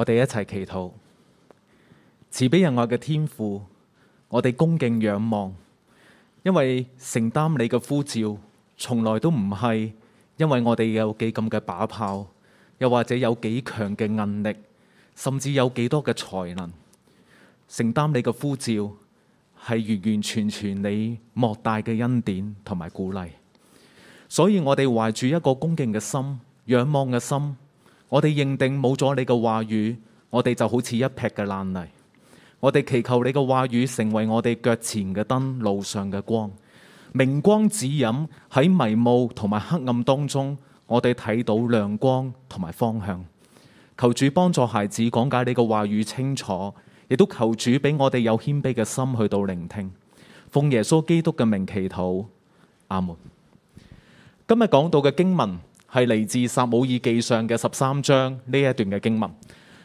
我哋一齊祈禱，慈悲仁愛嘅天父，我哋恭敬仰望，因為承擔你嘅呼召，從來都唔係因為我哋有幾咁嘅把炮，又或者有幾強嘅韌力，甚至有幾多嘅才能承擔你嘅呼召，係完完全全你莫大嘅恩典同埋鼓勵。所以我哋懷住一個恭敬嘅心，仰望嘅心。我哋認定冇咗你嘅話語，我哋就好似一劈嘅爛泥。我哋祈求你嘅話語成為我哋腳前嘅燈，路上嘅光，明光指引，喺迷霧同埋黑暗當中，我哋睇到亮光同埋方向。求主幫助孩子講解你嘅話語清楚，亦都求主俾我哋有謙卑嘅心去到聆聽。奉耶穌基督嘅名祈禱，阿門。今日講到嘅經文係嚟自撒母耳記上嘅十三章呢一段嘅經文。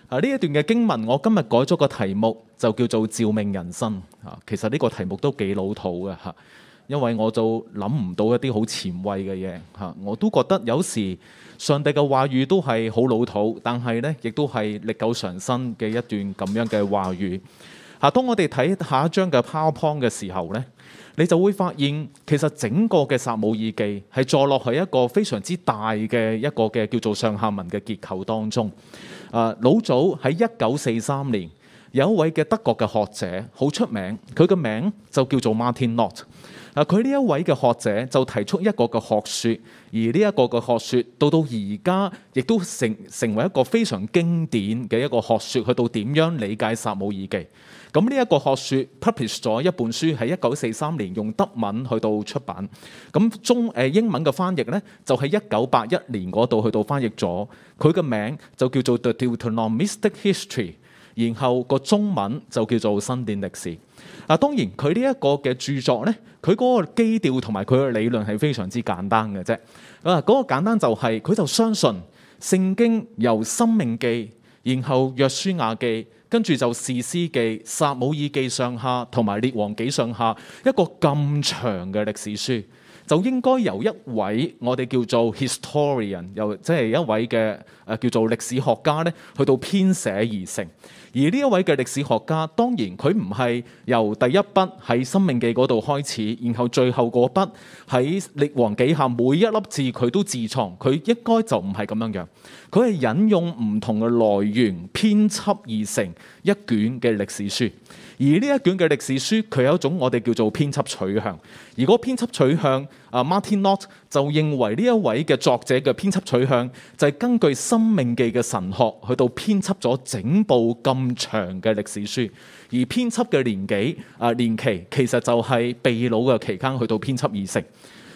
啊，呢一段嘅經文，我今日改咗個題目，就叫做《召命人生》。啊，其實呢個題目都幾老土嘅嚇，因為我就諗唔到一啲好前衛嘅嘢嚇。我都覺得有時上帝嘅話語都係好老土，但係呢亦都係歷久常新嘅一段咁樣嘅話語。嚇，當我哋睇下一張嘅 PowerPoint 嘅時候呢。你就會發現，其實整個嘅《撒母耳記》係坐落喺一個非常之大嘅一個嘅叫做上下文嘅結構當中。誒、啊、老早喺一九四三年，有一位嘅德國嘅學者好出名，佢嘅名就叫做 Martin Noth。佢呢一位嘅學者就提出一個嘅學説，而呢一個嘅學説到到而家亦都成成為一個非常經典嘅一個學説，去到點樣理解《撒母耳記》。咁呢一個學説 publish 咗一本書喺一九四三年用德文去到出版，咁中誒、呃、英文嘅翻譯咧就喺一九八一年嗰度去到翻譯咗，佢嘅名就叫做 The Deuteronomistic History，然後個中文就叫做申典歷史。啊，當然佢呢一個嘅著作咧，佢嗰個基調同埋佢嘅理論係非常之簡單嘅啫。啊，嗰個簡單就係、是、佢就相信聖經由申命記，然後約書亞記。跟住就《士師記》、《撒母耳記》上下，同埋《列王紀》上下，一個咁長嘅歷史書。就應該由一位我哋叫做 historian，又即係一位嘅誒、呃、叫做歷史學家咧，去到編寫而成。而呢一位嘅歷史學家，當然佢唔係由第一筆喺《生命記申命記》嗰度開始，然後最後嗰筆喺《列王紀》下每一粒字佢都自創，佢應該就唔係咁樣樣。佢係引用唔同嘅來源編輯而成一卷嘅歷史書。而呢一卷嘅歷史書，佢有一種我哋叫做編輯取向。而個編輯取向，啊 Martin Noth 就認為呢一位嘅作者嘅編輯取向就係根據《申命記》嘅神學去到編輯咗整部咁長嘅歷史書。而編輯嘅年紀啊年期，其實就係被擄嘅期間去到編輯而成。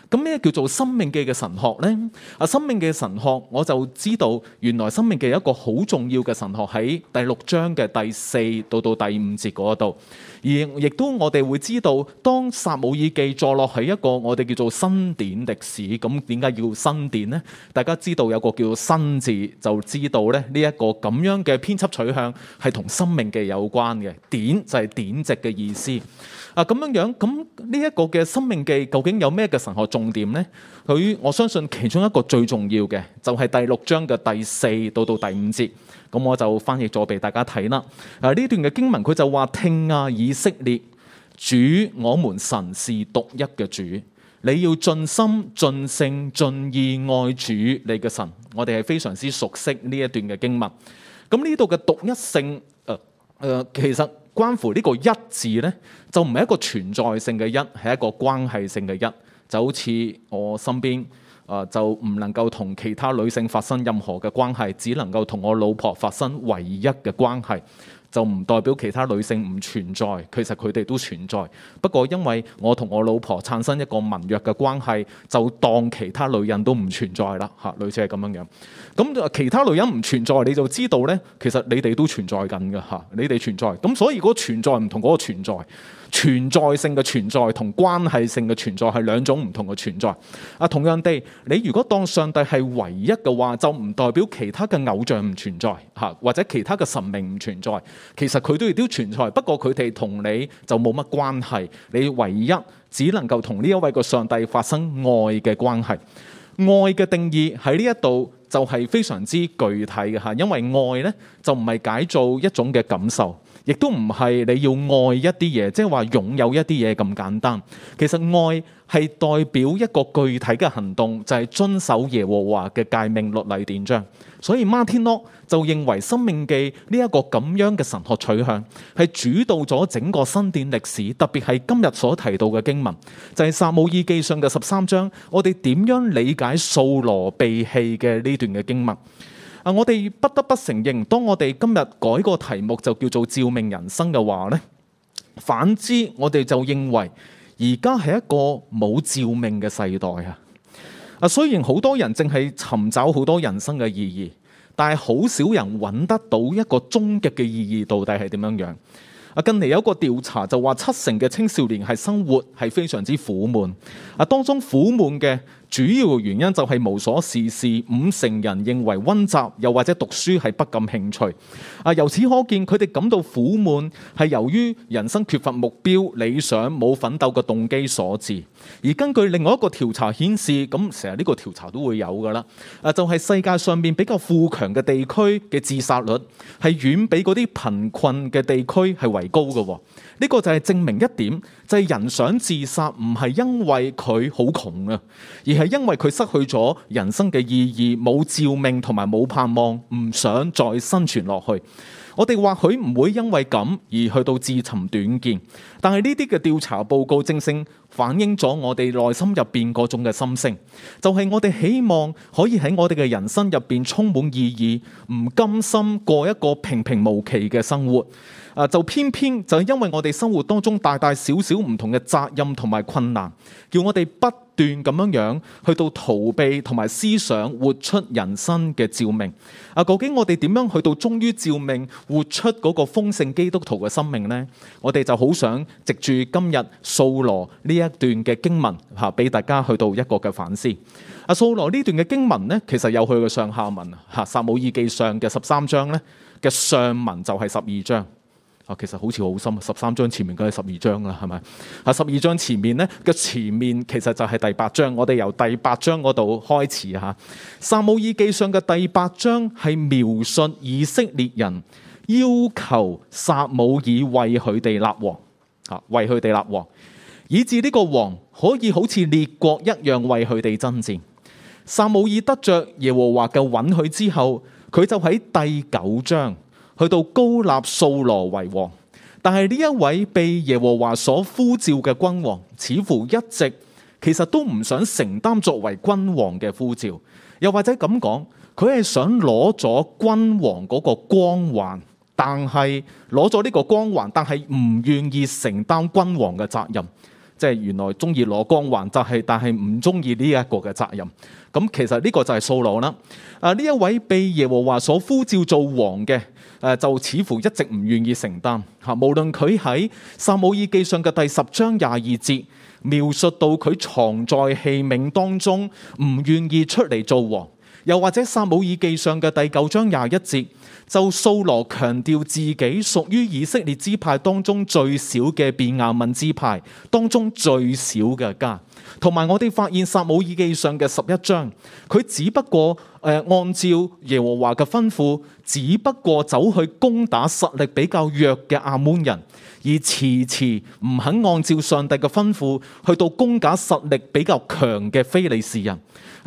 咁咩叫做《申命記》嘅神學呢？啊《申命記》嘅神學我就知道，原來《申命記》有一個好重要嘅神學喺第六章嘅第四到到第五節嗰度，而亦都我哋會知道，當《撒母耳記》坐落喺一個我哋叫做申典歷史，咁點解要申典呢？大家知道有個叫做申字，就知道咧呢一個咁樣嘅編輯取向係同《申命記》有關嘅，典就係典籍嘅意思。啊咁樣樣，咁呢一個嘅《申命記》究竟有咩嘅神學重點呢？佢我相信其中一個最重要嘅就係、是、第六章嘅第四到到第五節，咁我就翻譯咗俾大家睇啦。啊呢段嘅經文佢就話聽啊，以色列，主我們神是獨一嘅主，你要盡心、盡性、盡意愛主你嘅神。我哋係非常之熟悉呢一段嘅經文。咁呢度嘅獨一性，誒、呃、誒、呃，其實。關乎呢個一字呢，就唔係一個存在性嘅一，係一個關係性嘅一。就好似我身邊啊、呃，就唔能夠同其他女性發生任何嘅關係，只能夠同我老婆發生唯一嘅關係。就唔代表其他女性唔存在，其實佢哋都存在。不過因為我同我老婆產生一個盟約嘅關係，就當其他女人都唔存在啦。嚇，類似係咁樣樣。咁其他女人唔存在，你就知道呢，其實你哋都存在緊嘅。嚇，你哋存在。咁所以嗰個存在唔同嗰個存在，存在性嘅存在同關係性嘅存在係兩種唔同嘅存在。啊，同樣地，你如果當上帝係唯一嘅話，就唔代表其他嘅偶像唔存在。嚇，或者其他嘅神明唔存在。其實佢都亦都存在，不過佢哋同你就冇乜關係。你唯一只能夠同呢一位個上帝發生愛嘅關係。愛嘅定義喺呢一度就係非常之具體嘅，吓，因為愛呢就唔係解做一種嘅感受，亦都唔係你要愛一啲嘢，即係話擁有一啲嘢咁簡單。其實愛。係代表一個具體嘅行動，就係、是、遵守耶和華嘅誡命律例典章。所以馬天諾就認為《申命記》呢一個咁樣嘅神學取向，係主導咗整個申典歷史，特別係今日所提到嘅經文，就係、是、撒母耳記上嘅十三章。我哋點樣理解掃羅背棄嘅呢段嘅經文？啊，我哋不得不承認，當我哋今日改個題目，就叫做召命人生嘅話呢，反之我哋就認為。而家係一個冇召命嘅世代啊！啊，雖然好多人淨係尋找好多人生嘅意義，但係好少人揾得到一個終極嘅意義，到底係點樣樣？啊，近嚟有個調查就話七成嘅青少年係生活係非常之苦悶，啊，當中苦悶嘅。主要嘅原因就係無所事事，五成人認為溫習又或者讀書係不感興趣。啊、呃，由此可見，佢哋感到苦悶係由於人生缺乏目標、理想、冇奮鬥嘅動機所致。而根據另外一個調查顯示，咁成日呢個調查都會有㗎啦。啊、呃，就係、是、世界上面比較富強嘅地區嘅自殺率係遠比嗰啲貧困嘅地區係為高嘅。呢、這個就係證明一點。就係人想自殺，唔係因為佢好窮啊，而係因為佢失去咗人生嘅意義，冇召命，同埋冇盼望，唔想再生存落去。我哋或許唔會因為咁而去到自尋短見，但係呢啲嘅調查報告證實。反映咗我哋內心入邊嗰種嘅心聲，就係、是、我哋希望可以喺我哋嘅人生入邊充滿意義，唔甘心過一個平平無奇嘅生活。啊，就偏偏就係因為我哋生活當中大大小小唔同嘅責任同埋困難，叫我哋不斷咁樣樣去到逃避同埋思想，活出人生嘅召命。啊，究竟我哋點樣去到忠於召命，活出嗰個豐盛基督徒嘅生命呢？我哋就好想藉住今日掃羅呢？一段嘅經文吓，俾大家去到一個嘅反思。阿、啊、掃羅呢段嘅經文呢，其實有佢嘅上下文吓。撒母耳記上嘅十三章呢嘅上文就係十二章啊，其實好似好深。十三章前面嘅係十二章啦，係咪啊？十二章前面呢嘅前面其實就係第八章。我哋由第八章嗰度開始吓。撒母耳記上嘅第八章係描述以色列人要求撒母耳為佢哋立王吓，為佢哋立王。啊以致呢個王可以好似列國一樣，為佢哋爭戰。撒母耳得着耶和華嘅允許之後，佢就喺第九章去到膏立掃羅為王。但係呢一位被耶和華所呼召嘅君王，似乎一直其實都唔想承擔作為君王嘅呼召。又或者咁講，佢係想攞咗君王嗰個光環，但係攞咗呢個光環，但係唔願意承擔君王嘅責任。即係原來中意攞光環，就係但係唔中意呢一個嘅責任。咁其實呢個就係掃羅啦。啊，呢一位被耶和華所呼召做王嘅，誒就似乎一直唔願意承擔嚇。無論佢喺撒母耳記上嘅第十章廿二節描述到佢藏在器皿當中，唔願意出嚟做王。又或者《撒母耳記》上嘅第九章廿一節，就掃羅強調自己屬於以色列支派當中最少嘅便雅憫支派當中最少嘅家。同埋，我哋發現《撒母耳記》上嘅十一章，佢只不過誒、呃、按照耶和華嘅吩咐，只不過走去攻打實力比較弱嘅亞捫人，而遲遲唔肯按照上帝嘅吩咐去到攻打實力比較強嘅非利士人。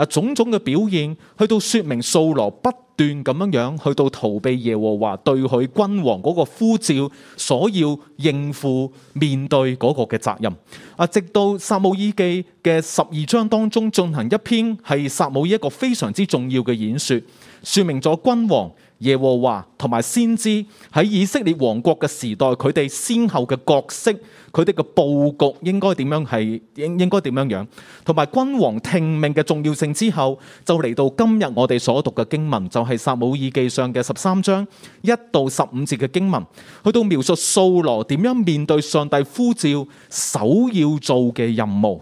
啊，種種嘅表現，去到說明掃羅不斷咁樣樣，去到逃避耶和華對佢君王嗰個呼召，所要應付面對嗰個嘅責任。啊，直到撒母耳記嘅十二章當中進行一篇，係撒母耳一個非常之重要嘅演說，說明咗君王。耶和華同埋先知喺以色列王國嘅時代，佢哋先後嘅角色，佢哋嘅布局應該點樣係應應該點樣樣，同埋君王聽命嘅重要性之後，就嚟到今日我哋所讀嘅經文，就係、是、撒姆耳撒母耳記上嘅十三章一到十五節嘅經文，去到描述掃羅點樣面對上帝呼召首要做嘅任務，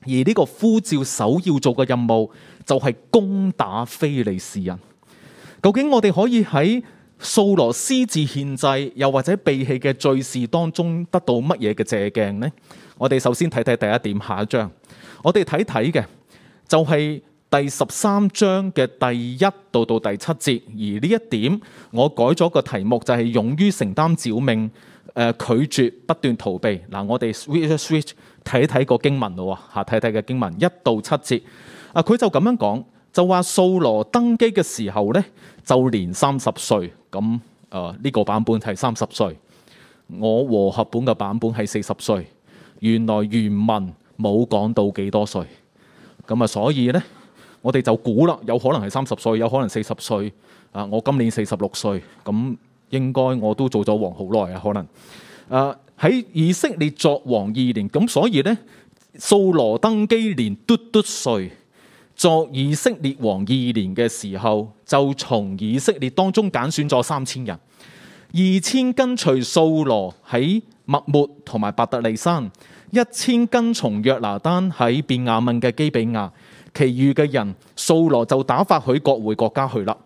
而呢個呼召首要做嘅任務就係攻打非利士人。究竟我哋可以喺掃羅私自獻祭，又或者避棄嘅罪事當中得到乜嘢嘅借鏡呢？我哋首先睇睇第一點，下一章，我哋睇睇嘅就係、是、第十三章嘅第一到到第七節。而呢一點，我改咗個題目，就係、是、勇於承擔召命，誒、呃、拒絕不斷逃避。嗱、呃，我哋 switch switch 睇睇個經文咯喎，睇睇嘅經文一到七節。啊、呃，佢就咁樣講。就話掃羅登基嘅時候呢，就年三十歲。咁誒呢個版本係三十歲，我和合本嘅版本係四十歲。原來原文冇講到幾多歲。咁啊，所以呢，我哋就估啦，有可能係三十歲，有可能四十歲。啊，我今年四十六歲，咁應該我都做咗王好耐啊，可能。誒，喺以色列作王二年，咁所以呢，掃羅登基年嘟嘟歲。作以色列王二年嘅時候，就從以色列當中揀選咗三千人，二千跟隨掃羅喺密抹同埋伯特利山，一千跟從約拿單喺便雅憫嘅基比亞，其餘嘅人，掃羅就打發佢各回國家去啦。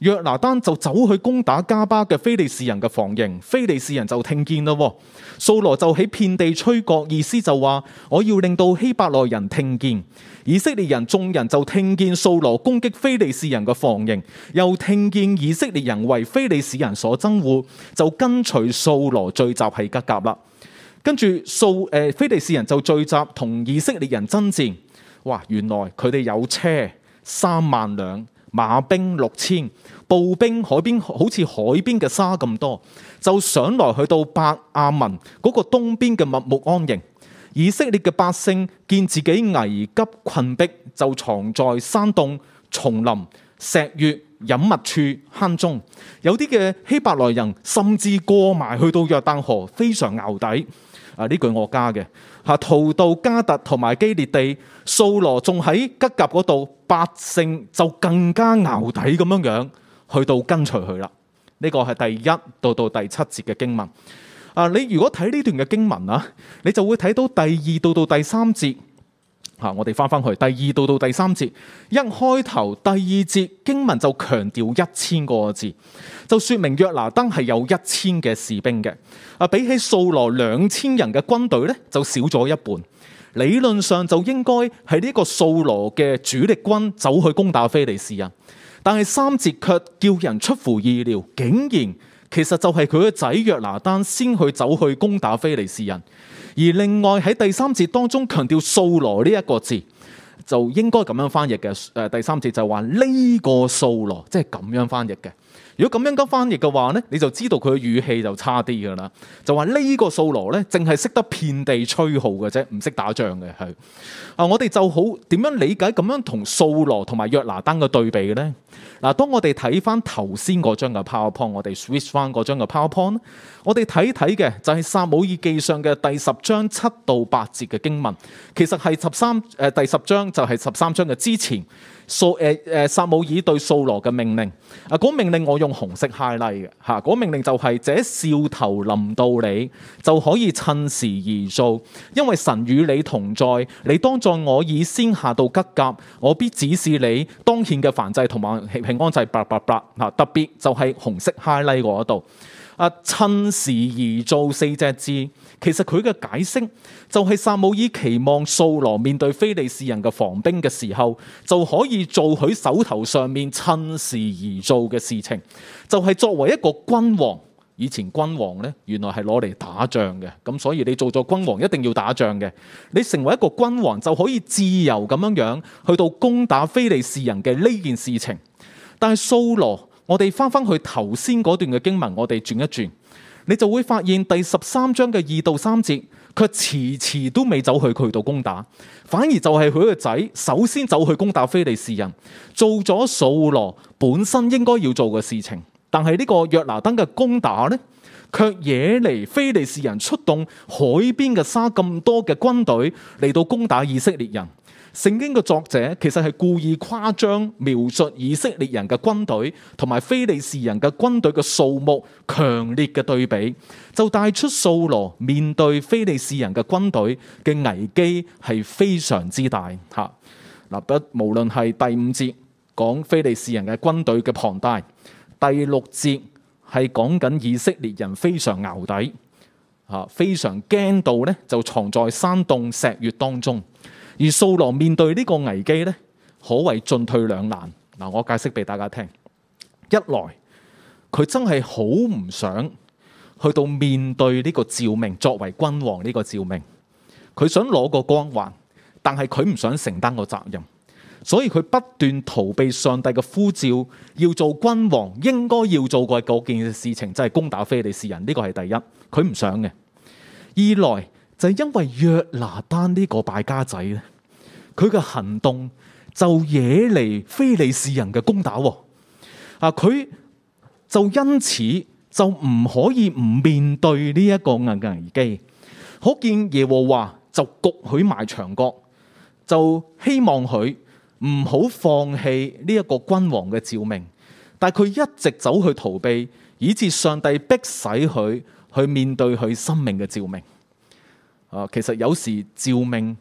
約拿單就走去攻打加巴嘅非利士人嘅防營，非利士人就聽見咯。掃羅就喺遍地吹角，意思就話我要令到希伯來人聽見。以色列人眾人就聽見掃羅攻擊非利士人嘅防營，又聽見以色列人為非利士人所憎惡，就跟隨掃羅聚集喺吉甲啦。跟住掃誒，非利士人就聚集同以色列人爭戰。哇，原來佢哋有車三萬輛。馬兵六千，步兵海邊，好似海邊嘅沙咁多，就上來去到伯亞文嗰個東邊嘅密木安營。以色列嘅百姓見自己危急窘迫，就藏在山洞、叢林、石穴隱密處坑中。有啲嘅希伯來人甚至過埋去到約旦河，非常牛底。啊！呢句我加嘅嚇，逃到加特同埋基列地，掃羅仲喺吉甲嗰度，百姓就更加淆底咁樣樣去到跟隨佢啦。呢、這個係第一到到第七節嘅經文。啊，你如果睇呢段嘅經文啊，你就會睇到第二到到第三節。啊！我哋翻翻去第二度到第三節，一開頭第二節經文就強調一千個字，就說明約拿單係有一千嘅士兵嘅。啊，比起掃羅兩千人嘅軍隊呢，就少咗一半。理論上就應該係呢個掃羅嘅主力軍走去攻打非利士人，但係三節卻叫人出乎意料，竟然。其實就係佢嘅仔約拿單先去走去攻打非利士人，而另外喺第三節當中強調掃羅呢一個字就該就、這個，就應該咁樣翻譯嘅。誒，第三節就話呢個掃羅，即係咁樣翻譯嘅。如果咁樣咁翻譯嘅話呢，你就知道佢嘅語氣就差啲噶啦，就話呢個掃羅呢，淨係識得遍地吹號嘅啫，唔識打仗嘅係。啊，我哋就好點樣理解咁樣同掃羅同埋約拿單」嘅對比嘅咧？嗱，當我哋睇翻頭先嗰張嘅 PowerPoint，我哋 switch 翻嗰張嘅 PowerPoint，我哋睇睇嘅就係撒母耳記上嘅第十章七到八節嘅經文，其實係十三誒、呃、第十章就係十三章嘅之前，掃誒誒撒母耳對掃羅嘅命令，啊嗰、那個、命令我用紅色 highlight 嘅吓，嗰、啊那個、命令就係、是：，這笑頭臨到你，就可以趁時而做，因為神與你同在，你當在我以先下到吉甲，我必指示你當獻嘅燔祭同埋。平安就係八八八，嗱特別就係紅色 highlight 嗰度。啊，趁時而做四隻字，其實佢嘅解釋就係撒母耳期望掃羅面對非利士人嘅防兵嘅時候，就可以做佢手頭上面趁時而做嘅事情。就係作為一個君王，以前君王呢原來係攞嚟打仗嘅，咁所以你做咗君王一定要打仗嘅。你成為一個君王就可以自由咁樣樣去到攻打非利士人嘅呢件事情。但係掃羅，我哋翻翻去頭先嗰段嘅經文，我哋轉一轉，你就會發現第十三章嘅二到三節，卻遲遲都未走去佢度攻打，反而就係佢個仔首先走去攻打非利士人，做咗掃羅本身應該要做嘅事情。但係呢個約拿登嘅攻打呢，卻惹嚟非利士人出動海邊嘅沙咁多嘅軍隊嚟到攻打以色列人。聖經嘅作者其實係故意誇張描述以色列人嘅軍隊同埋非利士人嘅軍隊嘅數目，強烈嘅對比，就帶出掃羅面對非利士人嘅軍隊嘅危機係非常之大吓。嗱，無論係第五節講非利士人嘅軍隊嘅龐大，第六節係講緊以色列人非常淆底吓，非常驚到咧就藏在山洞石穴當中。而掃羅面對呢個危機呢，可謂進退兩難。嗱，我解釋俾大家聽：一來，佢真係好唔想去到面對呢個召命，作為君王呢個召命，佢想攞個光環，但係佢唔想承擔個責任，所以佢不斷逃避上帝嘅呼召，要做君王應該要做嘅嗰件事情，就係攻打非利士人。呢個係第一，佢唔想嘅。二來。就係因為約拿丹呢個敗家仔咧，佢嘅行動就惹嚟非利士人嘅攻打啊，佢就因此就唔可以唔面對呢一個硬嘅危機。可見耶和華就焗佢埋牆角，就希望佢唔好放棄呢一個君王嘅召命。但係佢一直走去逃避，以至上帝逼使佢去面對佢生命嘅召命。啊，其實有時召命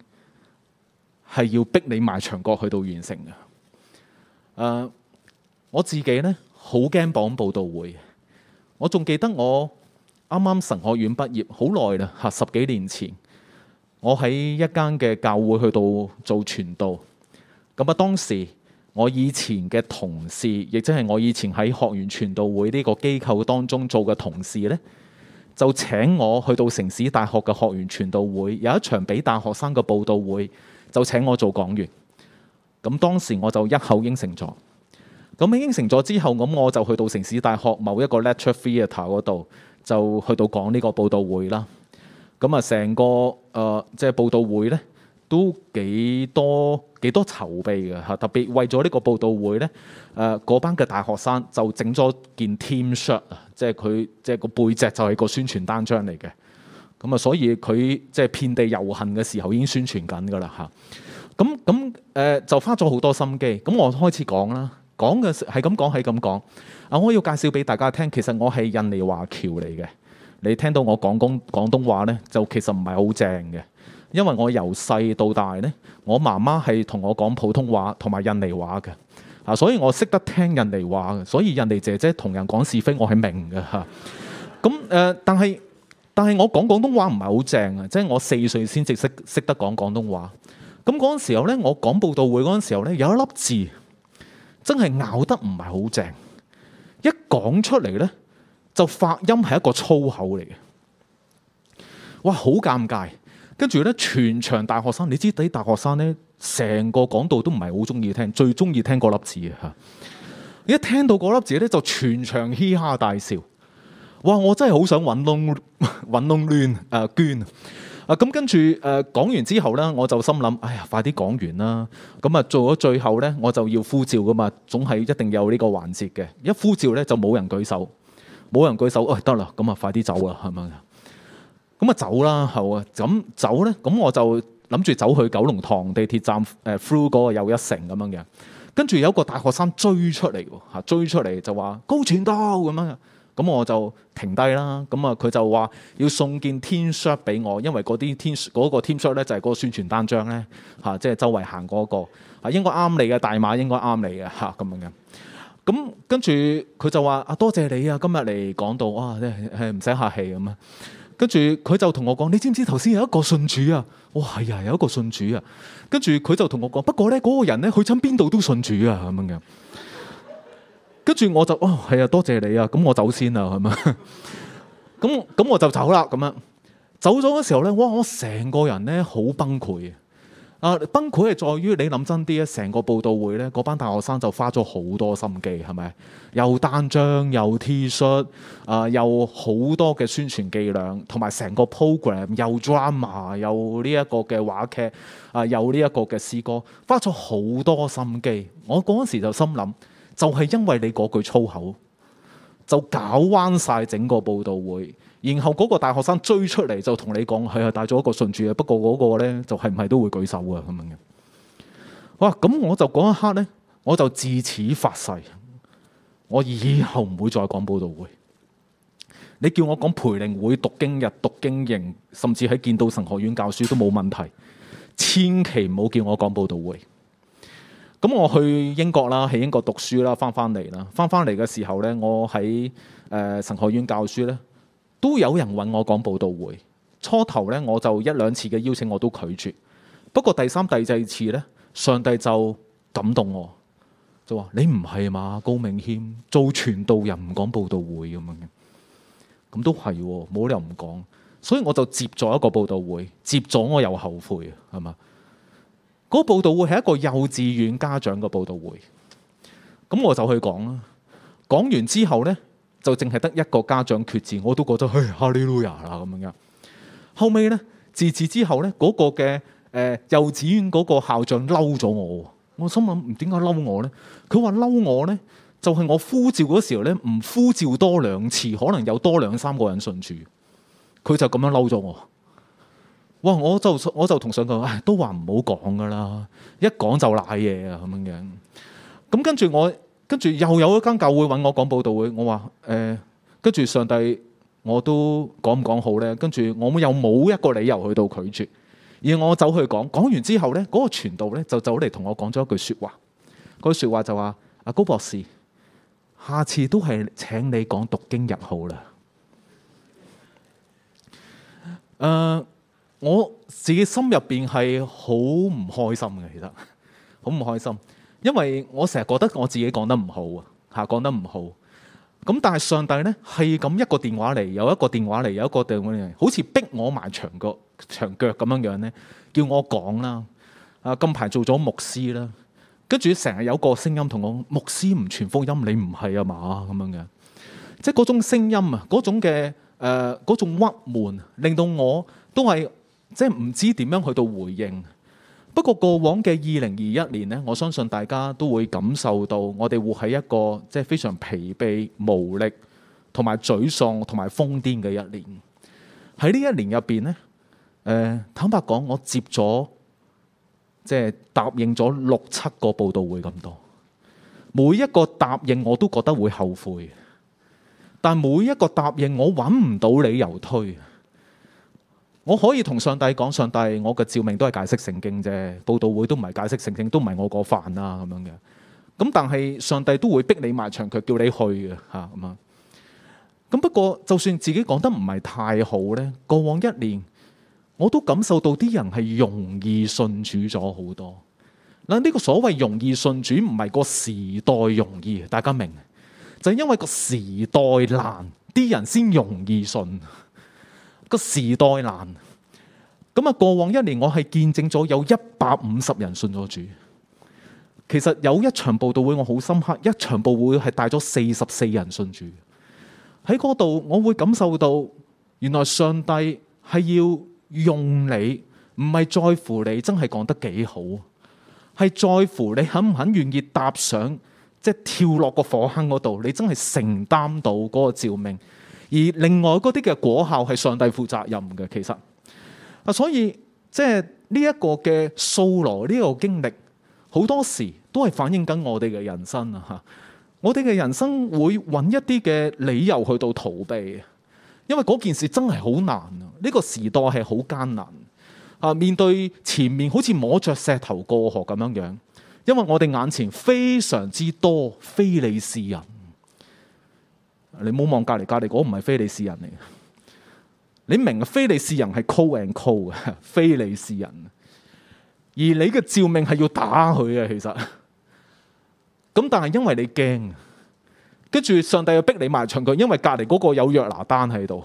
係要逼你埋牆角去到完成嘅。誒、呃，我自己呢，好驚講佈道會，我仲記得我啱啱神學院畢業好耐啦，嚇，十幾年前，我喺一間嘅教會去到做傳道。咁啊，當時我以前嘅同事，亦即係我以前喺學園傳道會呢個機構當中做嘅同事呢。就請我去到城市大學嘅學園傳道會有一場俾大學生嘅佈道會，就請我做講員。咁當時我就一口應承咗。咁應承咗之後，咁我就去到城市大學某一個 lecture theatre 嗰度，就去到講呢個佈道會啦。咁啊，成個誒即係佈道會呢，都幾多，幾多籌備嘅嚇，特別為咗呢個報道會呢，誒、呃、嗰班嘅大學生就整咗件 Team Shirt 啊，即係佢即係個背脊就係個宣傳單張嚟嘅。咁、嗯、啊，所以佢即係遍地遊行嘅時候已經宣傳緊㗎啦嚇。咁咁誒就花咗好多心機。咁我開始講啦，講嘅係咁講係咁講。啊，我要介紹俾大家聽，其實我係印尼華僑嚟嘅。你聽到我講廣廣東話呢，就其實唔係好正嘅。因為我由細到大咧，我媽媽係同我講普通話同埋印尼話嘅，啊，所以我識得聽印尼話嘅，所以印尼姐姐同人講是非我是，我係明嘅嚇。咁、呃、誒，但係但係我講廣東話唔係好正啊，即、就、係、是、我四歲先至識識得講廣東話。咁嗰陣時候咧，我講佈道會嗰陣時候咧，有一粒字真係咬得唔係好正，一講出嚟咧就發音係一個粗口嚟嘅，哇，好尷尬！跟住咧，全場大學生，你知啲大學生咧，成個講道都唔係好中意聽，最中意聽嗰粒字嚇。啊、一聽到嗰粒字咧，就全場嘻哈大笑。哇！我真係好想揾窿揾窿亂誒捐啊！咁、啊、跟住誒講完之後咧，我就心諗，哎呀，快啲講完啦。咁啊，做咗最後咧，我就要呼召㗎嘛，總係一定有呢個環節嘅。一呼召咧，就冇人舉手，冇人舉手，喂、哎，得啦，咁啊，快啲走啦，係咪？咁啊，走啦，好啊。咁走咧。咁我就諗住走去九龍塘地鐵站誒 through 嗰個又一城咁樣嘅。跟住有個大學生追出嚟喎，追出嚟就話高傳道咁樣。咁我就停低啦。咁啊，佢就話要送件 T-shirt 俾我，因為嗰啲 T 嗰個 T-shirt 咧就係嗰個宣傳單張咧吓，即係、就是、周圍行嗰、嗰個啊，應該啱你嘅大碼應該啱你嘅吓，咁樣嘅。咁跟住佢就話啊，多謝，謝你啊，今日嚟講到哇，即係唔使客氣咁啊。跟住佢就同我講，你知唔知頭先有一個信主啊？哇、哦，係啊，有一個信主啊！跟住佢就同我講，不過咧嗰、嗰個人咧，佢去親邊度都信主啊，咁樣嘅。跟住我就，哦，係啊，多謝你啊，咁我先走先啦，係嘛？咁 咁我就走啦，咁樣。走咗嗰時候咧，哇！我成個人咧好崩潰啊！啊！崩潰係在於你諗真啲咧，成個報道會咧，嗰班大學生就花咗好多心機，係咪？又單張，又 T 恤，啊、呃，又好多嘅宣傳伎倆，同埋成個 program 又 drama，又呢一個嘅話劇，啊、呃，又呢一個嘅詩歌，花咗好多心機。我嗰陣時就心諗，就係、是、因為你嗰句粗口，就搞彎晒整個報道會。然後嗰個大學生追出嚟就同你講：佢係，帶咗一個信主嘅。不過嗰個呢就係唔係都會舉手嘅咁樣嘅。哇！咁、啊、我就嗰一刻呢，我就自此發誓，我以後唔會再講佈道會。你叫我講培靈會、讀經日、讀經營，甚至喺建道神學院教書都冇問題。千祈唔好叫我講佈道會。咁我去英國啦，喺英國讀書啦，翻翻嚟啦，翻翻嚟嘅時候呢，我喺誒、呃、神學院教書呢。都有人揾我講佈道會，初頭呢，我就一兩次嘅邀請我都拒絕，不過第三、第四次呢，上帝就感動我，就話你唔係嘛高銘謙做傳道人唔講佈道會咁樣嘅、哦，咁都係冇理由唔講，所以我就接咗一個佈道會，接咗我又後悔係嘛，嗰、嗰個佈道會係一個幼稚園家長嘅佈道會，咁我就去講啦，講完之後呢。就淨係得一個家長決志，我都覺得嘿哈利路亞啦咁樣嘅。後尾咧，自此之後咧，嗰、那個嘅誒、呃、幼稚園嗰個校長嬲咗我，我心諗唔點解嬲我咧？佢話嬲我咧，就係、是、我呼召嗰時候咧，唔呼召多兩次，可能有多兩三個人信主。佢就咁樣嬲咗我。哇！我就我就同上唉，都話唔好講噶啦，一講就瀨嘢啊，咁樣。咁跟住我。跟住又有一間教會揾我講布道會，我話誒，跟住上帝我都講唔講好呢？跟住我冇又冇一個理由去到拒絕，而我走去講，講完之後呢，嗰個傳道呢就走嚟同我講咗一句說話，嗰句說話就話：阿高博士，下次都係請你講讀經日好啦。誒，我自己心入邊係好唔開心嘅，其實好唔開心。因為我成日覺得我自己講得唔好啊，吓講得唔好。咁但係上帝咧係咁一個電話嚟，有一個電話嚟，有一個電話嚟，好似逼我埋牆角、牆腳咁樣樣咧，叫我講啦。啊，近排做咗牧師啦，跟住成日有個聲音同我講，牧師唔傳福音，你唔係啊嘛咁樣嘅。即係嗰種聲音啊，嗰種嘅誒，嗰、呃、種鬱悶令到我都係即係唔知點樣去到回應。不過，過往嘅二零二一年呢，我相信大家都會感受到，我哋活喺一個即係非常疲憊、無力同埋沮喪同埋瘋癲嘅一年。喺呢一年入邊呢，坦白講，我接咗即係答應咗六七個佈道會咁多，每一個答應我都覺得會後悔，但每一個答應我揾唔到理由推。我可以同上帝講，上帝，我嘅召命都係解釋聖經啫，佈道會都唔係解釋聖經，都唔係我個飯啦咁樣嘅。咁但係上帝都會逼你埋牆，佢叫你去嘅嚇咁啊。咁不過就算自己講得唔係太好呢，過往一年我都感受到啲人係容易信主咗好多。嗱，呢個所謂容易信主唔係個時代容易，大家明？就係因為個時代難，啲人先容易信。個時代難，咁啊過往一年我係見證咗有一百五十人信咗主。其實有一場佈道會我好深刻，一場佈會係帶咗四十四人信主。喺嗰度我會感受到，原來上帝係要用你，唔係在乎你真係講得幾好。係在乎你肯唔肯願意踏上，即係跳落個火坑嗰度，你真係承擔到嗰個召命。而另外嗰啲嘅果效係上帝負責任嘅，其實，啊，所以即係呢一個嘅掃羅呢個經歷，好多時都係反映緊我哋嘅人生啊！吓，我哋嘅人生會搵一啲嘅理由去到逃避，因為嗰件事真係好難啊！呢個時代係好艱難啊，面對前面好似摸着石頭過河咁樣樣，因為我哋眼前非常之多非利士人。你冇望隔籬，隔籬嗰個唔係非利士人嚟。你明啊，非利士人係 co and co 嘅，非利士人。而你嘅召命係要打佢嘅，其實。咁但係因為你驚，跟住上帝又逼你埋牆佢，因為隔籬嗰個有約拿單喺度，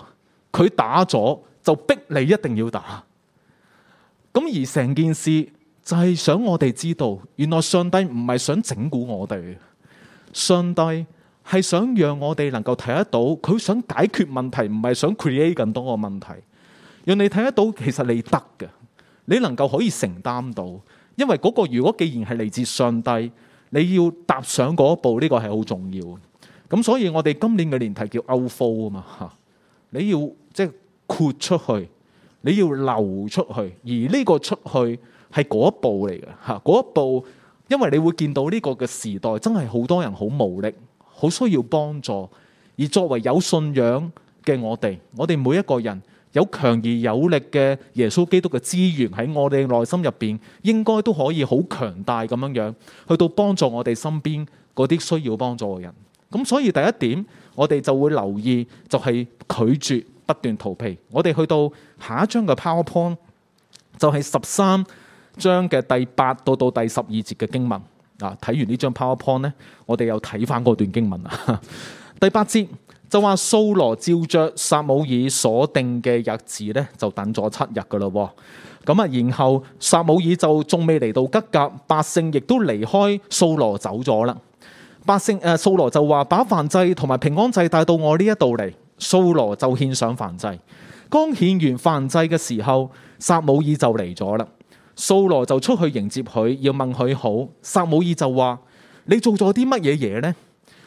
佢打咗就逼你一定要打。咁而成件事就係想我哋知道，原來上帝唔係想整蠱我哋，上帝。係想讓我哋能夠睇得到，佢想解決問題，唔係想 create 更多個問題。讓你睇得到，其實你得嘅，你能夠可以承擔到。因為嗰個如果既然係嚟自上帝，你要踏上嗰一步，呢、這個係好重要。咁所以我哋今年嘅年題叫 outflow 啊嘛嚇，你要即係豁出去，你要流出去，而呢個出去係嗰一步嚟嘅嚇。嗰一步，因為你會見到呢個嘅時代真係好多人好無力。好需要幫助，而作為有信仰嘅我哋，我哋每一個人有強而有力嘅耶穌基督嘅資源喺我哋嘅內心入邊，應該都可以好強大咁樣樣，去到幫助我哋身邊嗰啲需要幫助嘅人。咁所以第一點，我哋就會留意，就係拒絕不斷逃避。我哋去到下一張嘅 PowerPoint 就係十三章嘅第八到到第十二節嘅經文。啊！睇完呢張 PowerPoint 咧，我哋又睇翻嗰段經文啊。 第八節就話，掃羅照着撒母耳所定嘅日子咧，就等咗七日噶咯。咁啊，然後撒母耳就仲未嚟到吉甲，百姓亦都離開掃羅走咗啦。百姓誒掃、呃、羅就話：把燔祭同埋平安祭帶到我呢一度嚟。掃羅就獻上燔祭。剛獻完燔祭嘅時候，撒母耳就嚟咗啦。掃羅就出去迎接佢，要問佢好。撒母耳就話：你做咗啲乜嘢嘢呢？」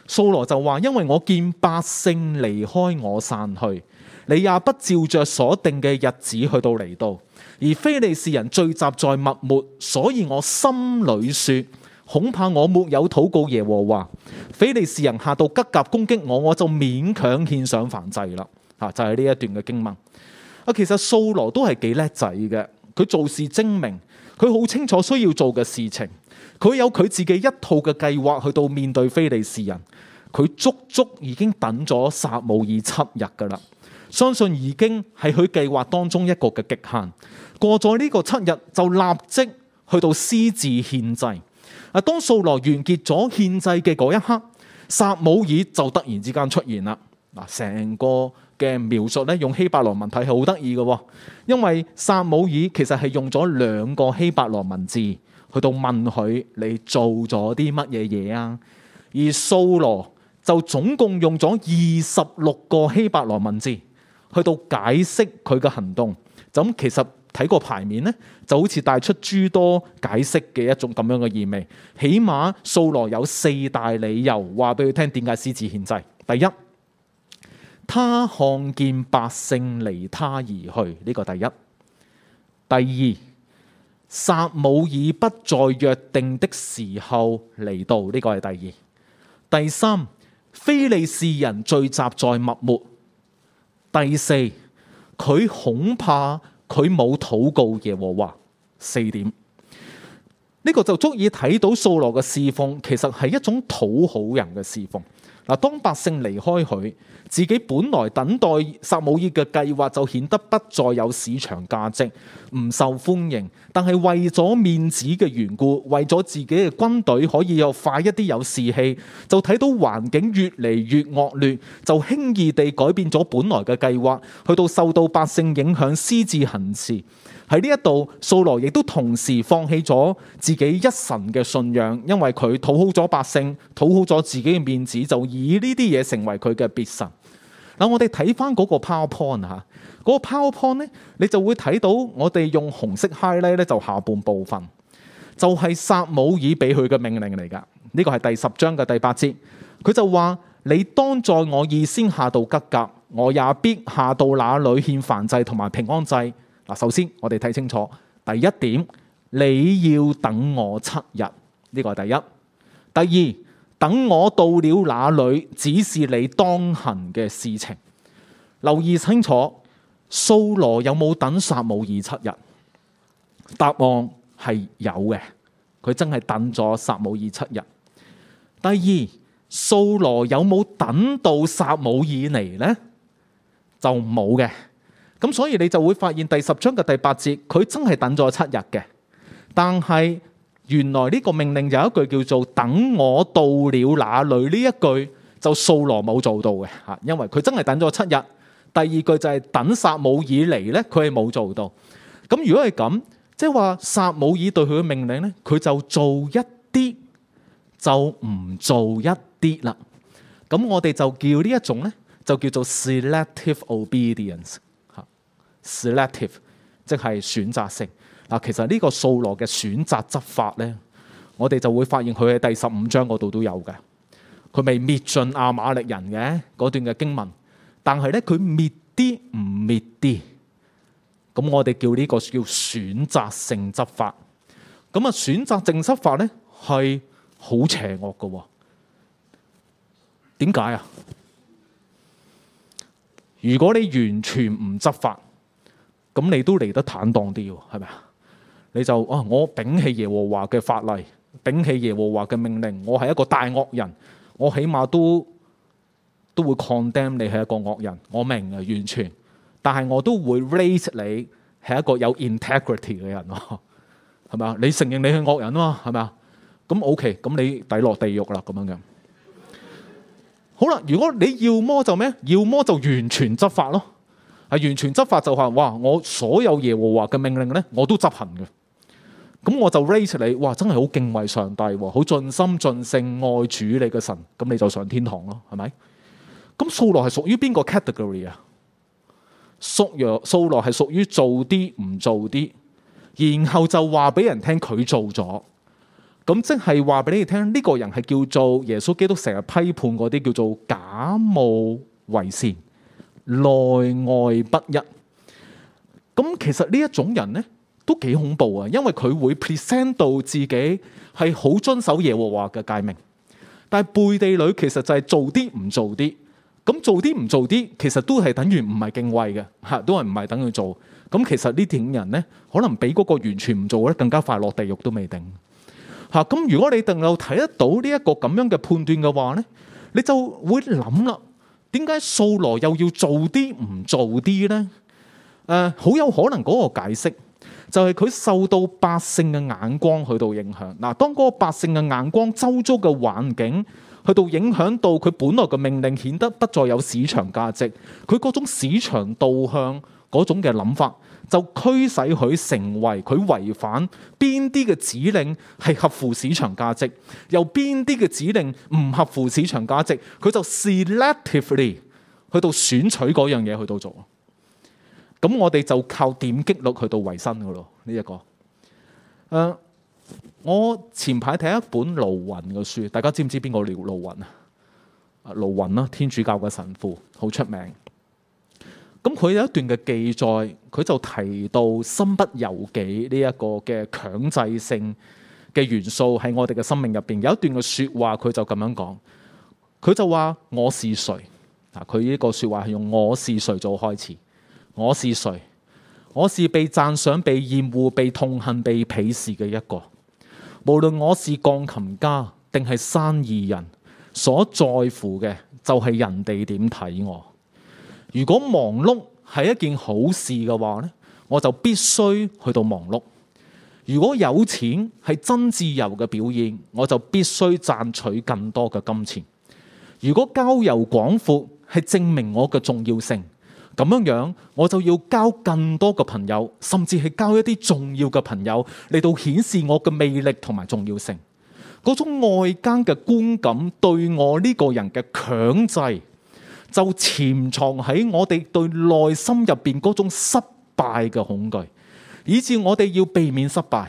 掃羅就話：因為我見百姓離開我散去，你也不照着所定嘅日子去到嚟到。」而非利士人聚集在密抹，所以我心裏說：恐怕我沒有禱告耶和華。非利士人下到吉甲攻擊我，我就勉強獻上燔祭啦。吓、啊，就係、是、呢一段嘅經文。啊，其實掃羅都係幾叻仔嘅。佢做事精明，佢好清楚需要做嘅事情，佢有佢自己一套嘅計劃去到面對非利士人，佢足足已經等咗撒母耳七日噶啦，相信已經係佢計劃當中一個嘅極限。過咗呢個七日就立即去到私自獻祭。啊，當掃羅完結咗獻祭嘅嗰一刻，撒母耳就突然之間出現啦。嗱，成個。嘅描述咧，用希伯來文睇係好得意嘅，因為撒母耳其實係用咗兩個希伯來文字去到問佢，你做咗啲乜嘢嘢啊，而掃羅就總共用咗二十六個希伯來文字去到解釋佢嘅行動，咁其實睇個牌面咧，就好似帶出諸多解釋嘅一種咁樣嘅意味，起碼掃羅有四大理由話俾佢聽點解私自獻祭？」第一。他看見百姓離他而去，呢個第一。第二，撒母耳不在約定的時候嚟到，呢個係第二。第三，非利士人聚集在密抹。第四，佢恐怕佢冇禱告耶和華。四點，呢、這個就足以睇到掃羅嘅侍奉，其實係一種討好人嘅侍奉。嗱，當百姓離開佢，自己本來等待撒母耳嘅計劃就顯得不再有市場價值，唔受歡迎。但係為咗面子嘅緣故，為咗自己嘅軍隊可以又快一啲有士氣，就睇到環境越嚟越惡劣，就輕易地改變咗本來嘅計劃，去到受到百姓影響，私自行事。喺呢一度，掃羅亦都同時放棄咗自己一神嘅信仰，因為佢討好咗百姓，討好咗自己嘅面子，就以呢啲嘢成為佢嘅別神。嗱，我哋睇翻嗰個 power point 啊，嗰個 power point 咧，你就會睇到我哋用紅色 highlight 咧，就下半部分就係、是、撒母耳俾佢嘅命令嚟噶。呢、這個係第十章嘅第八節，佢就話：你當在我以先下到吉甲，我也必下到那裏獻燔祭同埋平安祭。首先，我哋睇清楚第一點，你要等我七日，呢個係第一。第二，等我到了那裡，指示你當行嘅事情。留意清楚，掃羅有冇等撒母耳七日？答案係有嘅，佢真係等咗撒母耳七日。第二，掃羅有冇等到撒母耳嚟呢？就冇嘅。咁所以你就會發現第十章嘅第八節，佢真係等咗七日嘅。但係原來呢個命令有一句叫做等我到了那裏，呢一句，就掃羅冇做到嘅嚇，因為佢真係等咗七日。第二句就係等撒母耳嚟咧，佢係冇做到。咁如果係咁，即係話撒母耳對佢嘅命令咧，佢就做一啲就唔做一啲啦。咁我哋就叫呢一種咧，就叫做 selective obedience。Selective，即係選擇性。嗱，其實呢個掃羅嘅選擇執法咧，我哋就會發現佢喺第十五章嗰度都有嘅。佢未滅盡亞瑪力人嘅嗰段嘅經文，但係咧佢滅啲唔滅啲。咁我哋叫呢個叫選擇性執法。咁啊，選擇性執法咧係好邪惡嘅。點解啊？如果你完全唔執法，咁你都嚟得坦蕩啲喎，係咪啊？你就啊，我摒棄耶和華嘅法例，摒棄耶和華嘅命令，我係一個大惡人，我起碼都都會 condemn 你係一個惡人，我明啊，完全。但係我都會 raise 你係一個有 integrity 嘅人咯，係咪啊？你承認你係惡人啊，係咪啊？咁 OK，咁你抵落地獄啦，咁樣樣。好啦，如果你要麼就咩，要麼就完全執法咯。係完全執法就話，哇！我所有耶和華嘅命令咧，我都執行嘅。咁我就 raise 你，哇！真係好敬畏上帝，好盡心盡性愛主你嘅神，咁你就上天堂咯，係咪？咁掃羅係屬於邊個 category 啊？掃羅，掃羅係屬於做啲唔做啲，然後就話俾人聽佢做咗。咁即係話俾你哋聽，呢、這個人係叫做耶穌基督成日批判嗰啲叫做假冒為善。內外不一，咁其實呢一種人咧都幾恐怖啊，因為佢會 present 到自己係好遵守耶和華嘅誡命，但係背地裏其實就係做啲唔做啲，咁做啲唔做啲，其實都係等于唔係敬畏嘅吓，都係唔係等佢做。咁其實呢種人咧，可能比嗰個完全唔做咧更加快落地獄都未定吓。咁如果你能夠睇得到呢一個咁樣嘅判斷嘅話咧，你就會諗啦。點解掃羅又要做啲唔做啲呢？誒、呃，好有可能嗰個解釋就係佢受到百姓嘅眼光去到影響。嗱，當嗰個百姓嘅眼光、周遭嘅環境去到影響到佢本來嘅命令，顯得不再有市場價值。佢嗰種市場導向嗰種嘅諗法。就驅使佢成為佢違反邊啲嘅指令係合乎市場價值，由邊啲嘅指令唔合乎市場價值，佢就 selectively 去到選取嗰樣嘢去到做。咁我哋就靠點擊率去到維生噶咯呢一個。誒、呃，我前排睇一本盧雲嘅書，大家知唔知邊個叫盧雲啊？盧雲啦，天主教嘅神父，好出名。咁佢有一段嘅記載，佢就提到身不由己呢一個嘅強制性嘅元素喺我哋嘅生命入邊。有一段嘅説話，佢就咁樣講，佢就話我是誰？嗱，佢呢個説話係用我是誰做開始。我是誰？我是被讚賞、被厭惡、被痛恨、被鄙視嘅一個。無論我是鋼琴家定係生意人，所在乎嘅就係人哋點睇我。如果忙碌係一件好事嘅話咧，我就必須去到忙碌；如果有錢係真自由嘅表現，我就必須賺取更多嘅金錢；如果交遊廣闊係證明我嘅重要性，咁樣樣我就要交更多嘅朋友，甚至係交一啲重要嘅朋友嚟到顯示我嘅魅力同埋重要性。嗰種外間嘅觀感對我呢個人嘅強制。就潛藏喺我哋對內心入邊嗰種失敗嘅恐懼，以致我哋要避免失敗，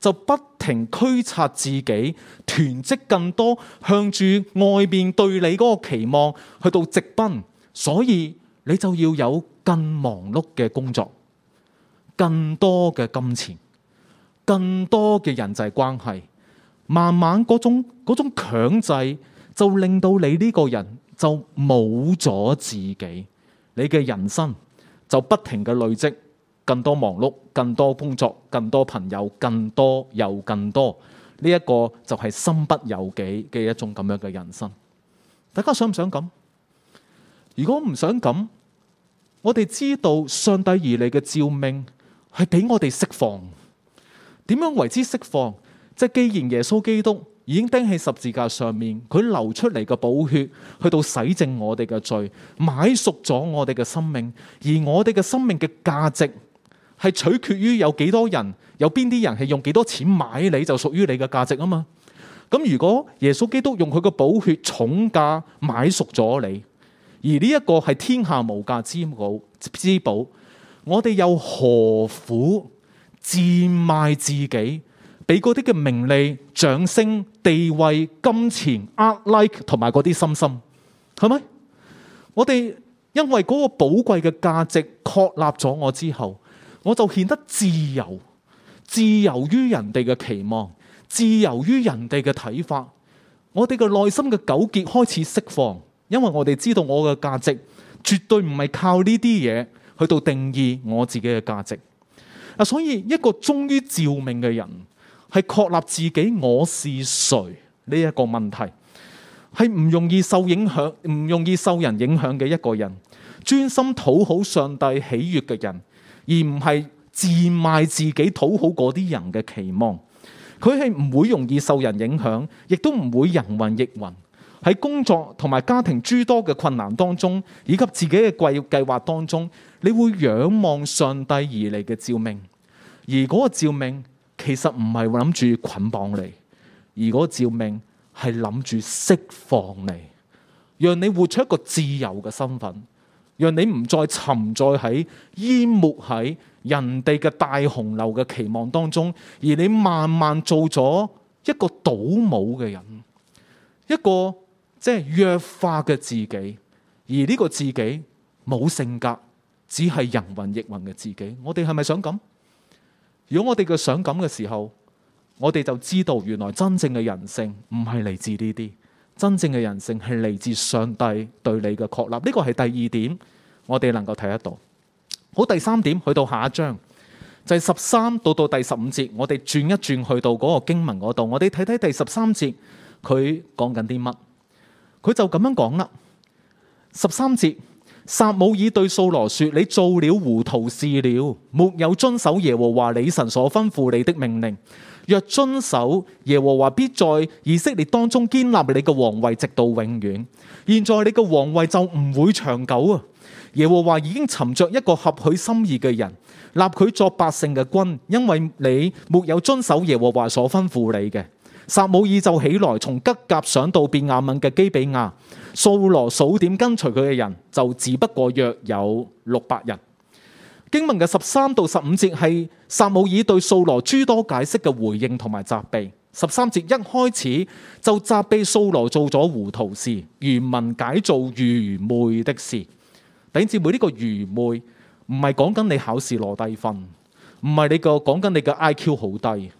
就不停驅策自己囤積更多，向住外面對你嗰個期望去到直奔，所以你就要有更忙碌嘅工作、更多嘅金錢、更多嘅人際關係，慢慢嗰種嗰種強制就令到你呢個人。就冇咗自己，你嘅人生就不停嘅累積，更多忙碌、更多工作、更多朋友、更多又更多，呢一個就係身不由己嘅一種咁樣嘅人生。大家想唔想咁？如果唔想咁，我哋知道上帝而嚟嘅召命係俾我哋釋放。點樣為之釋放？即係既然耶穌基督。已經釘喺十字架上面，佢流出嚟嘅寶血去到洗淨我哋嘅罪，買贖咗我哋嘅生命。而我哋嘅生命嘅價值係取決於有幾多人，有邊啲人係用幾多錢買你就屬於你嘅價值啊嘛。咁如果耶穌基督用佢嘅寶血重價買贖咗你，而呢一個係天下無價之寶之寶，我哋又何苦賤賣自己？你嗰啲嘅名利、掌聲、地位、金錢、呃、like 同埋嗰啲心心，係咪？我哋因為嗰個寶貴嘅價值確立咗我之後，我就顯得自由，自由於人哋嘅期望，自由於人哋嘅睇法。我哋嘅內心嘅糾結開始釋放，因為我哋知道我嘅價值絕對唔係靠呢啲嘢去到定義我自己嘅價值啊。所以一個忠於召命嘅人。係確立自己我是誰呢一個問題，係唔容易受影響、唔容易受人影響嘅一個人，專心討好上帝喜悦嘅人，而唔係自賣自己討好嗰啲人嘅期望。佢係唔會容易受人影響，亦都唔會人云亦云。喺工作同埋家庭諸多嘅困難當中，以及自己嘅季計劃當中，你會仰望上帝而嚟嘅照明，而嗰個照明。其實唔係諗住捆綁你，而嗰召命係諗住釋放你，讓你活出一個自由嘅身份，讓你唔再沉醉喺淹沒喺人哋嘅大洪流嘅期望當中，而你慢慢做咗一個倒模嘅人，一個即係弱化嘅自己，而呢個自己冇性格，只係人云亦云嘅自己。我哋係咪想咁？如果我哋嘅想咁嘅時候，我哋就知道原來真正嘅人性唔係嚟自呢啲，真正嘅人性係嚟自上帝對你嘅確立。呢個係第二點，我哋能夠睇得到。好，第三點去到下一章，就係十三到到第十五節，我哋轉一轉去到嗰個經文嗰度，我哋睇睇第十三節佢講緊啲乜。佢就咁樣講啦，十三節。撒母耳對掃羅說：你做了糊塗事了，沒有遵守耶和華你神所吩咐你的命令。若遵守耶和華必在以色列當中建立你嘅王位，直到永遠。現在你嘅王位就唔會長久啊！耶和華已經尋着一個合佢心意嘅人，立佢作百姓嘅君，因為你沒有遵守耶和華所吩咐你嘅。撒母耳就起來，從吉甲上到便雅憫嘅基比亞，掃羅數點跟隨佢嘅人，就只不過約有六百人。經文嘅十三到十五節係撒母耳對掃羅諸多解釋嘅回應同埋責備。十三節一開始就責備掃羅做咗糊塗事，原文解做愚昧的事。弟兄姊妹，呢個愚昧唔係講緊你考試攞低分，唔係你個講緊你嘅 I Q 好低。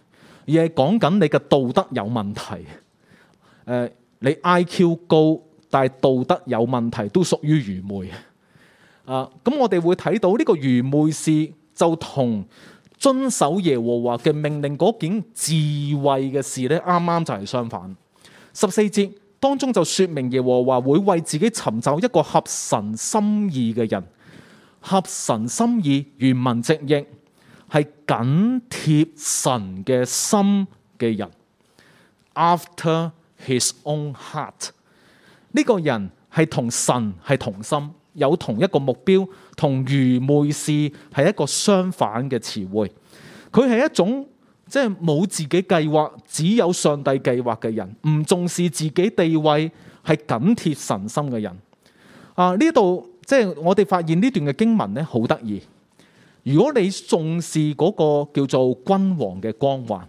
而係講緊你嘅道德有問題，誒、呃，你 IQ 高但係道德有問題都屬於愚昧啊！咁、呃、我哋會睇到呢個愚昧事就同遵守耶和華嘅命令嗰件智慧嘅事呢，啱啱就係相反。十四節當中就説明耶和華會為自己尋找一個合神心意嘅人，合神心意原文直譯。係緊貼神嘅心嘅人，After his own heart 呢個人係同神係同心，有同一個目標，同愚昧事係一個相反嘅詞彙。佢係一種即係冇自己計劃，只有上帝計劃嘅人，唔重視自己地位，係緊貼神心嘅人。啊，呢度即係我哋發現呢段嘅經文咧，好得意。如果你重視嗰個叫做君王嘅光環，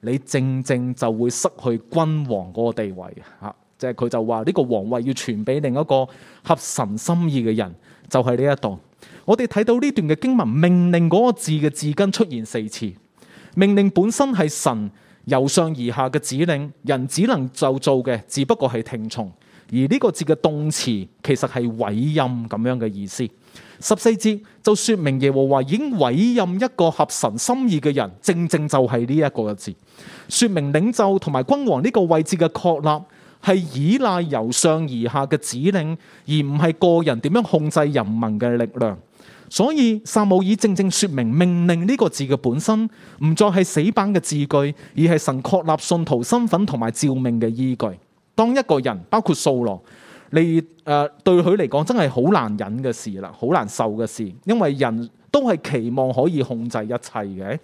你正正就會失去君王嗰個地位啊！即係佢就話呢個王位要傳俾另一個合神心意嘅人，就係呢一度。我哋睇到呢段嘅經文，命令嗰個字嘅字根出現四次。命令本身係神由上而下嘅指令，人只能就做嘅，只不過係聽從。而呢個字嘅動詞其實係委任咁樣嘅意思。十四節就說明耶和華已經委任一個合神心意嘅人，正正就係呢一個字，說明領袖同埋君王呢個位置嘅確立係依賴由上而下嘅指令，而唔係個人點樣控制人民嘅力量。所以撒母耳正正說明命令呢個字嘅本身唔再係死板嘅字句，而係神確立信徒身份同埋召命嘅依據。當一個人包括掃羅。你誒、呃、對佢嚟講真係好難忍嘅事啦，好難受嘅事，因為人都係期望可以控制一切嘅，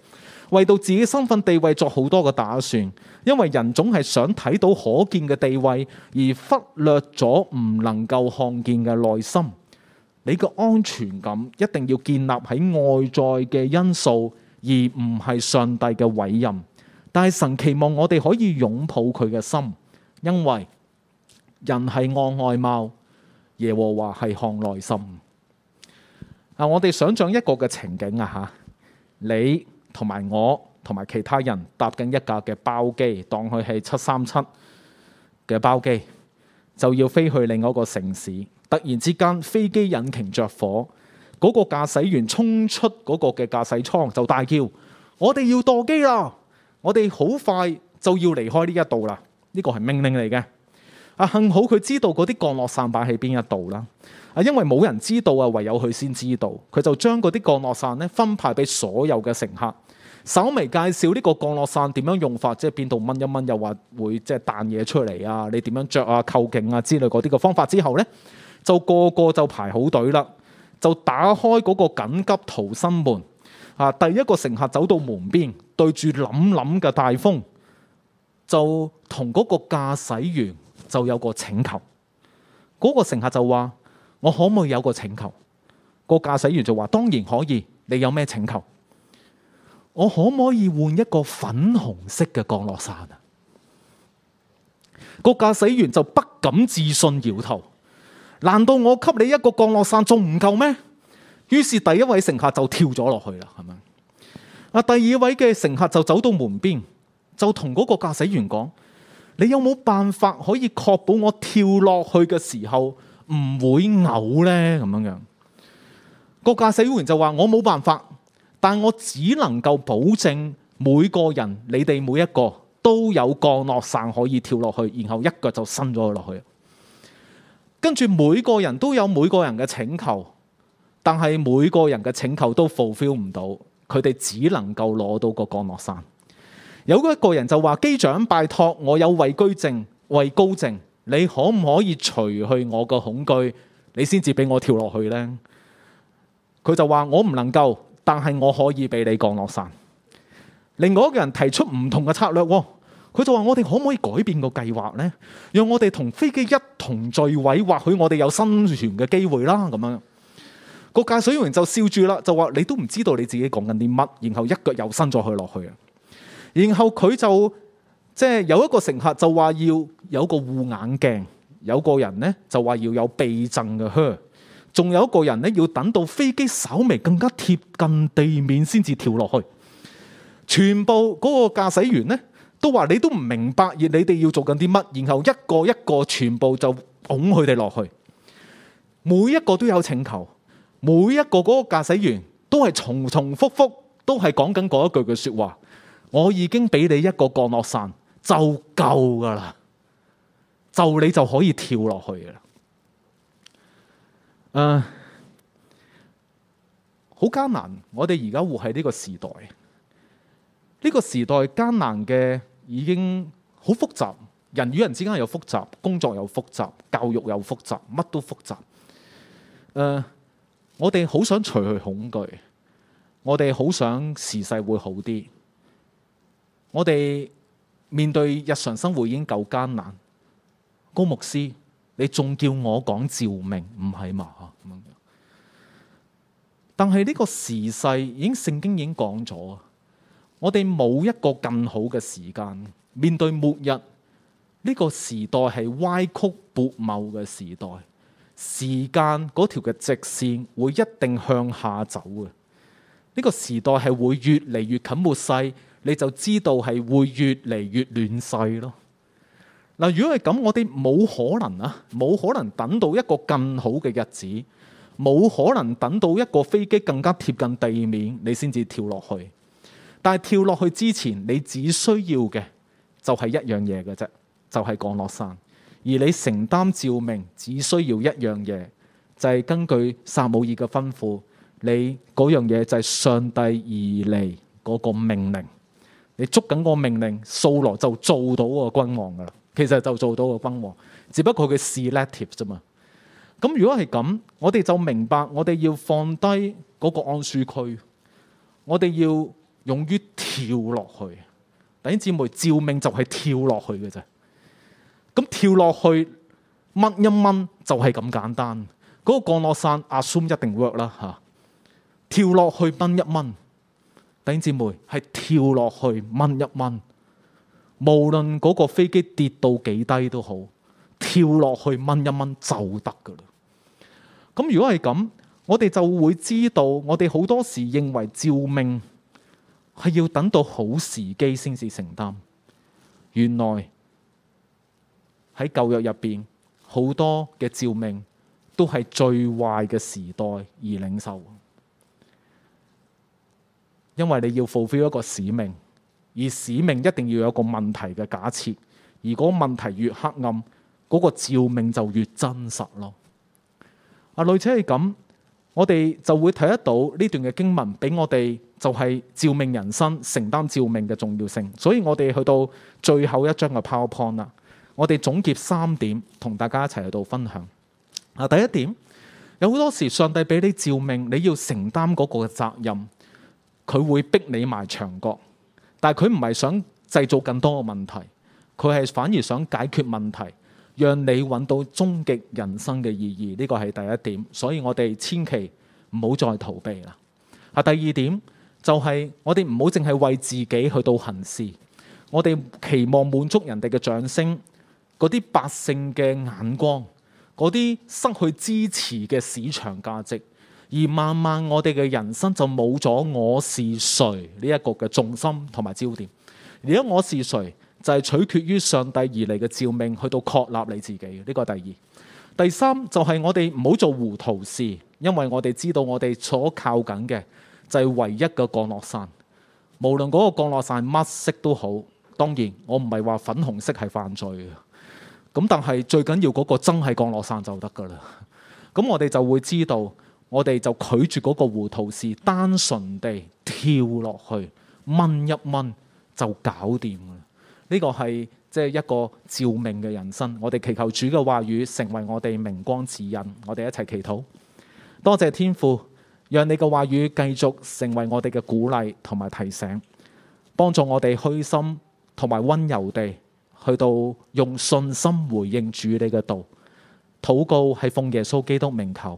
為到自己身份地位作好多嘅打算，因為人總係想睇到可見嘅地位，而忽略咗唔能夠看見嘅內心。你嘅安全感一定要建立喺外在嘅因素，而唔係上帝嘅委任。但係神期望我哋可以擁抱佢嘅心，因為。人係看外貌，耶和華係看內心。啊，我哋想象一個嘅情景啊，吓，你同埋我同埋其他人搭緊一架嘅包機，當佢係七三七嘅包機，就要飛去另一個城市。突然之間，飛機引擎着火，嗰個駕駛員衝出嗰個嘅駕駛艙，就大叫：我哋要墮機啦！我哋好快就要離開呢一度啦。呢個係命令嚟嘅。啊！幸好佢知道嗰啲降落傘擺喺邊一度啦。啊，因為冇人知道啊，唯有佢先知道。佢就將嗰啲降落傘咧分派俾所有嘅乘客，稍微介紹呢個降落傘點樣用法，即係邊度掹一掹，又話會即係彈嘢出嚟啊，你點樣着啊？扣緊啊？之類嗰啲嘅方法之後呢，就個個就排好隊啦，就打開嗰個緊急逃生門啊。第一個乘客走到門邊，對住冧冧嘅大風，就同嗰個駕駛員，就有個請求，嗰、嗰個乘客就話：我可唔可以有個請求？個駕駛員就話：當然可以，你有咩請求？我可唔可以換一個粉紅色嘅降落傘啊？個駕駛員就不敢置信搖頭。難道我給你一個降落傘仲唔夠咩？於是第一位乘客就跳咗落去啦，係咪？啊，第二位嘅乘客就走到門邊，就同嗰個駕駛員講。你有冇辦法可以確保我跳落去嘅時候唔會嘔呢？咁樣樣，個駕駛員就話：我冇辦法，但我只能夠保證每個人，你哋每一個都有降落傘可以跳落去，然後一腳就伸咗落去。跟住每個人都有每個人嘅請求，但係每個人嘅請求都 fulfill 唔到，佢哋只能夠攞到個降落傘。有嗰一個人就話：機長，拜託，我有畏居症、畏高症，你可唔可以除去我個恐懼，你先至俾我跳落去呢？」佢就話：我唔能夠，但係我可以俾你降落傘。另外一個人提出唔同嘅策略，佢、哦、就話：我哋可唔可以改變個計劃呢？讓我哋同飛機一同墜毀，或許我哋有生存嘅機會啦。咁樣、那個駕駛員就笑住啦，就話：你都唔知道你自己講緊啲乜，然後一腳又伸咗去落去。然後佢就即係、就是、有一個乘客就話要有一個護眼鏡，有個人呢就話要有避震嘅靴，仲有一個人呢，要等到飛機稍微更加貼近地面先至跳落去。全部嗰個駕駛員呢，都話你都唔明白你哋要做緊啲乜，然後一個一個全部就拱佢哋落去。每一個都有請求，每一個嗰個駕駛員都係重重複复都係講緊嗰一句句說話。我已經俾你一個降落傘就夠噶啦，就你就可以跳落去啦。誒、呃，好艱難。我哋而家活喺呢個時代，呢、這個時代艱難嘅已經好複雜，人與人之間又複雜，工作又複雜，教育又複雜，乜都複雜。誒、呃，我哋好想除去恐懼，我哋好想時勢會好啲。我哋面對日常生活已經夠艱難，高牧師，你仲叫我講召命唔係嘛？但係呢個時勢已經聖經已經講咗，我哋冇一個更好嘅時間面對末日。呢個時代係歪曲悖謬嘅時代，時間嗰條嘅直線會一定向下走嘅。呢個時代係會越嚟越近末世。你就知道係會越嚟越亂世咯。嗱，如果係咁，我哋冇可能啊，冇可能等到一個更好嘅日子，冇可能等到一個飛機更加貼近地面，你先至跳落去。但係跳落去之前，你只需要嘅就係一樣嘢嘅啫，就係、是、降落傘。而你承擔召命，只需要一樣嘢，就係、是、根據撒母耳嘅吩咐，你嗰樣嘢就係上帝而嚟嗰個命令。你捉緊個命令，掃羅就做到個君王噶啦。其實就做到個君王，只不過佢嘅事 e l a t i v e 啫嘛。咁如果係咁，我哋就明白，我哋要放低嗰個安舒區，我哋要勇於跳落去。等兄姊妹，照命就係跳落去嘅啫。咁跳落去掹一掹就係咁簡單。嗰、那個降落傘阿 s s u m 一定 work 啦吓、啊，跳落去掹一掹。弟兄姊妹，係跳落去掹一掹，無論嗰個飛機跌到幾低都好，跳落去掹一掹就得㗎喇。咁如果係咁，我哋就會知道，我哋好多時認為召命係要等到好時機先至承擔。原來喺舊約入邊，好多嘅召命都係最壞嘅時代而領受。因為你要 fulfill 一個使命，而使命一定要有個問題嘅假設，而嗰個問題越黑暗，嗰、嗰個召命就越真實咯。啊，類似係咁，我哋就會睇得到呢段嘅經文俾我哋就係召命人生、承擔召命嘅重要性。所以我哋去到最後一張嘅 PowerPoint 啦，我哋總結三點同大家一齊去度分享。啊，第一點，有好多時上帝俾你召命，你要承擔嗰個嘅責任。佢會逼你埋牆角，但係佢唔係想製造更多嘅問題，佢係反而想解決問題，讓你揾到終極人生嘅意義。呢個係第一點，所以我哋千祈唔好再逃避啦。第二點就係我哋唔好淨係為自己去到行事，我哋期望滿足人哋嘅掌聲，嗰啲百姓嘅眼光，嗰啲失去支持嘅市場價值。而慢慢我哋嘅人生就冇咗我是誰呢一個嘅重心同埋焦點。而家我是誰就係、是、取決於上帝而嚟嘅照命去到確立你自己。呢、這個第二，第三就係、是、我哋唔好做糊塗事，因為我哋知道我哋所靠緊嘅就係唯一嘅降落傘。無論嗰個降落傘乜色都好，當然我唔係話粉紅色係犯罪嘅。咁但係最緊要嗰個真係降落傘就得噶啦。咁我哋就會知道。我哋就拒絕嗰個糊塗事，單純地跳落去，掹一掹就搞掂啦。呢、這個係即係一個召命嘅人生。我哋祈求主嘅話語成為我哋明光指引。我哋一齊祈禱，多謝天父，讓你嘅話語繼續成為我哋嘅鼓勵同埋提醒，幫助我哋虛心同埋溫柔地去到用信心回應主你嘅道。禱告係奉耶穌基督名求。